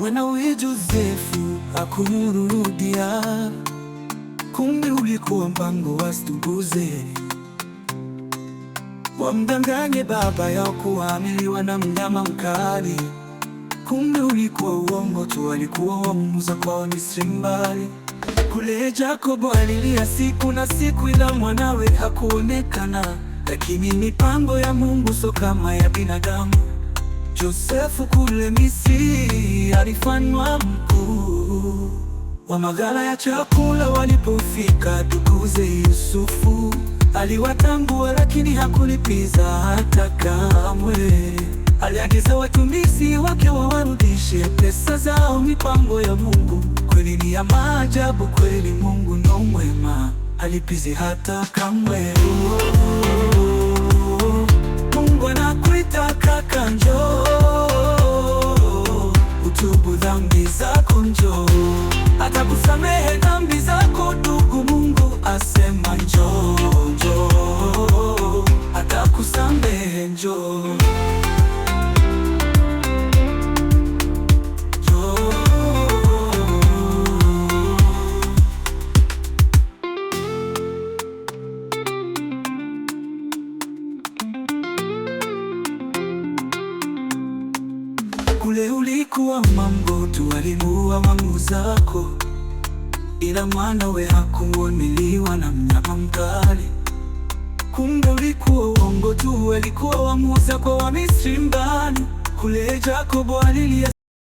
Wanawe Josefu akumurudia, kumbe ulikuwa mpango wasituguze, wamdanganye baba yao kuamiliwa na mnyama mkali, kumbe ulikuwa uongo tu, walikuwa wamuuza kwa Wamisri mbali kule. jakobo alilia siku na siku, ila mwanawe hakuonekana. Lakini mipango ya Mungu sio kama ya binadamu. Josefu kule Misri alifanywa mkuu wa maghala ya chakula. Walipofika dukuze Yusufu aliwatambua, lakini hakulipiza hata kamwe. Aliagiza watumishi wake wawarudishe pesa zao. Mipango ya Mungu kweli ni ya maajabu, kweli Mungu no mwema, halipizi hata kamwe. nisamehe, njoo Kule ulikuwa mambo tu, alimuua mamu zako, ila mwanawe hakuoniliwa na mnyama mkali. Kumbe ulikuwa uongo tu, walikuwa wamuuza kwa Wamisri mbani. Kule Yakobo alilia